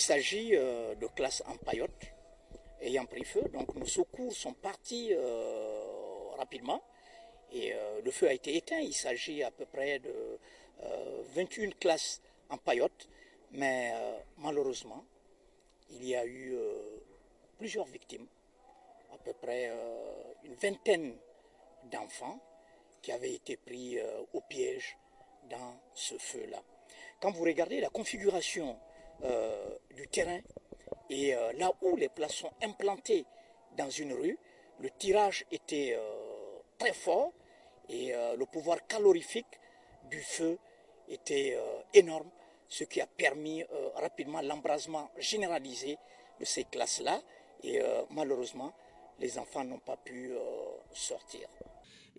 Il s'agit euh, de classes en paillotte ayant pris feu. Donc nos secours sont partis euh, rapidement et euh, le feu a été éteint. Il s'agit à peu près de 21 classes en paillotte, mais malheureusement, il y a eu plusieurs victimes, à peu près une vingtaine d'enfants qui avaient été pris au piège dans ce feu-là. Quand vous regardez la configuration euh, du terrain. Et euh, là où les places sont implantées dans une rue, le tirage était euh, très fort et le pouvoir calorifique du feu était énorme, ce qui a permis rapidement l'embrasement généralisé de ces classes-là. Et malheureusement, les enfants n'ont pas pu sortir.